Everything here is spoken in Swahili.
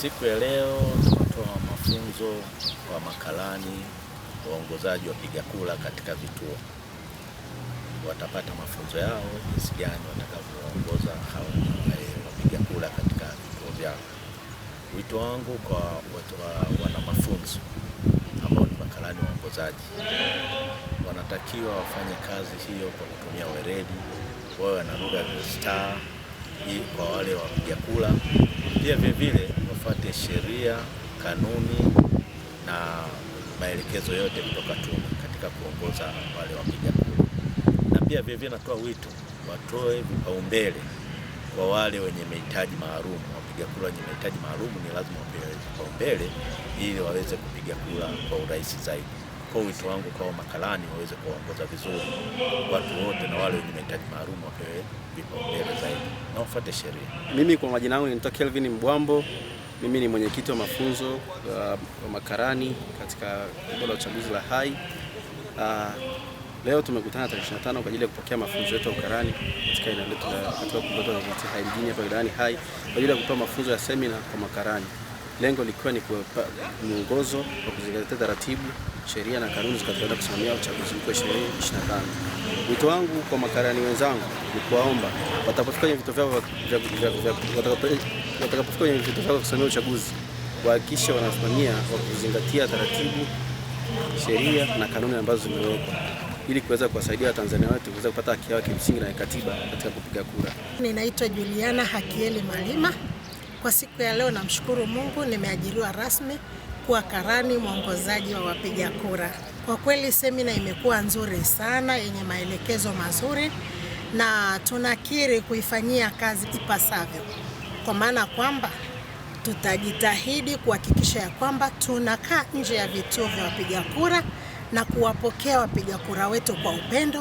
Siku ya leo tunatoa mafunzo kwa makalani waongozaji wapiga kura katika vituo. Watapata mafunzo yao jinsi gani watakavyoongoza hao wapiga kura katika vituo vyao. Wito wangu kwa wana mafunzo ambao ni makalani waongozaji, wanatakiwa wafanye kazi hiyo kwa kutumia weledi, wawe na lugha ya staa kwa wale wapiga kura, pia vilevile tufuate sheria, kanuni na maelekezo yote kutoka tume katika kuongoza wale wapiga kura, na pia vile natoa wito watoe vipaumbele kwa wale wenye mahitaji maalum. Wapiga kura wenye mahitaji maalum ni lazima wapewe vipaumbele ili waweze kupiga kura kwa urahisi zaidi. Kwa wito wangu kwa makalani waweze kuwaongoza vizuri watu wote, na wale wenye mahitaji maalum wapewe vipaumbele zaidi na wafuate sheria. Mimi kwa majina yangu ninaitwa Kelvin Mbwambo. Mimi ni mwenyekiti wa mafunzo uh, wa makarani katika bodi la uchaguzi la Hai. Uh, leo tumekutana tarehe 25 kwa ajili ya kupokea mafunzo yetu ya ukarani katika eneo letu la katika bodi ya Hai mjini hapa Hai kwa ajili ya kupewa mafunzo ya semina kwa makarani lengo likiwa ni kuwapa mwongozo wa kuzingatia taratibu, sheria na kanuni zitakazoenda kusimamia uchaguzi mkuu 2025. Wito wangu kwa makarani wenzangu ni kuwaomba watakapofika kwenye vituo vyao vyao kusimamia uchaguzi wahakikishe wanasimamia wa kuzingatia taratibu, sheria na kanuni ambazo zimewekwa ili kuweza kuwasaidia Watanzania wetu kuweza kupata haki yao kimsingi na katiba katika kupiga kura. Ninaitwa Juliana Hakieli Malima. Kwa siku ya leo namshukuru Mungu nimeajiriwa rasmi kuwa karani mwongozaji wa wapiga kura. Kwa kweli semina imekuwa nzuri sana yenye maelekezo mazuri na tunakiri kuifanyia kazi ipasavyo, kwa maana kwamba tutajitahidi kuhakikisha ya kwamba tunakaa nje ya vituo vya wapiga kura na kuwapokea wapiga kura wetu kwa upendo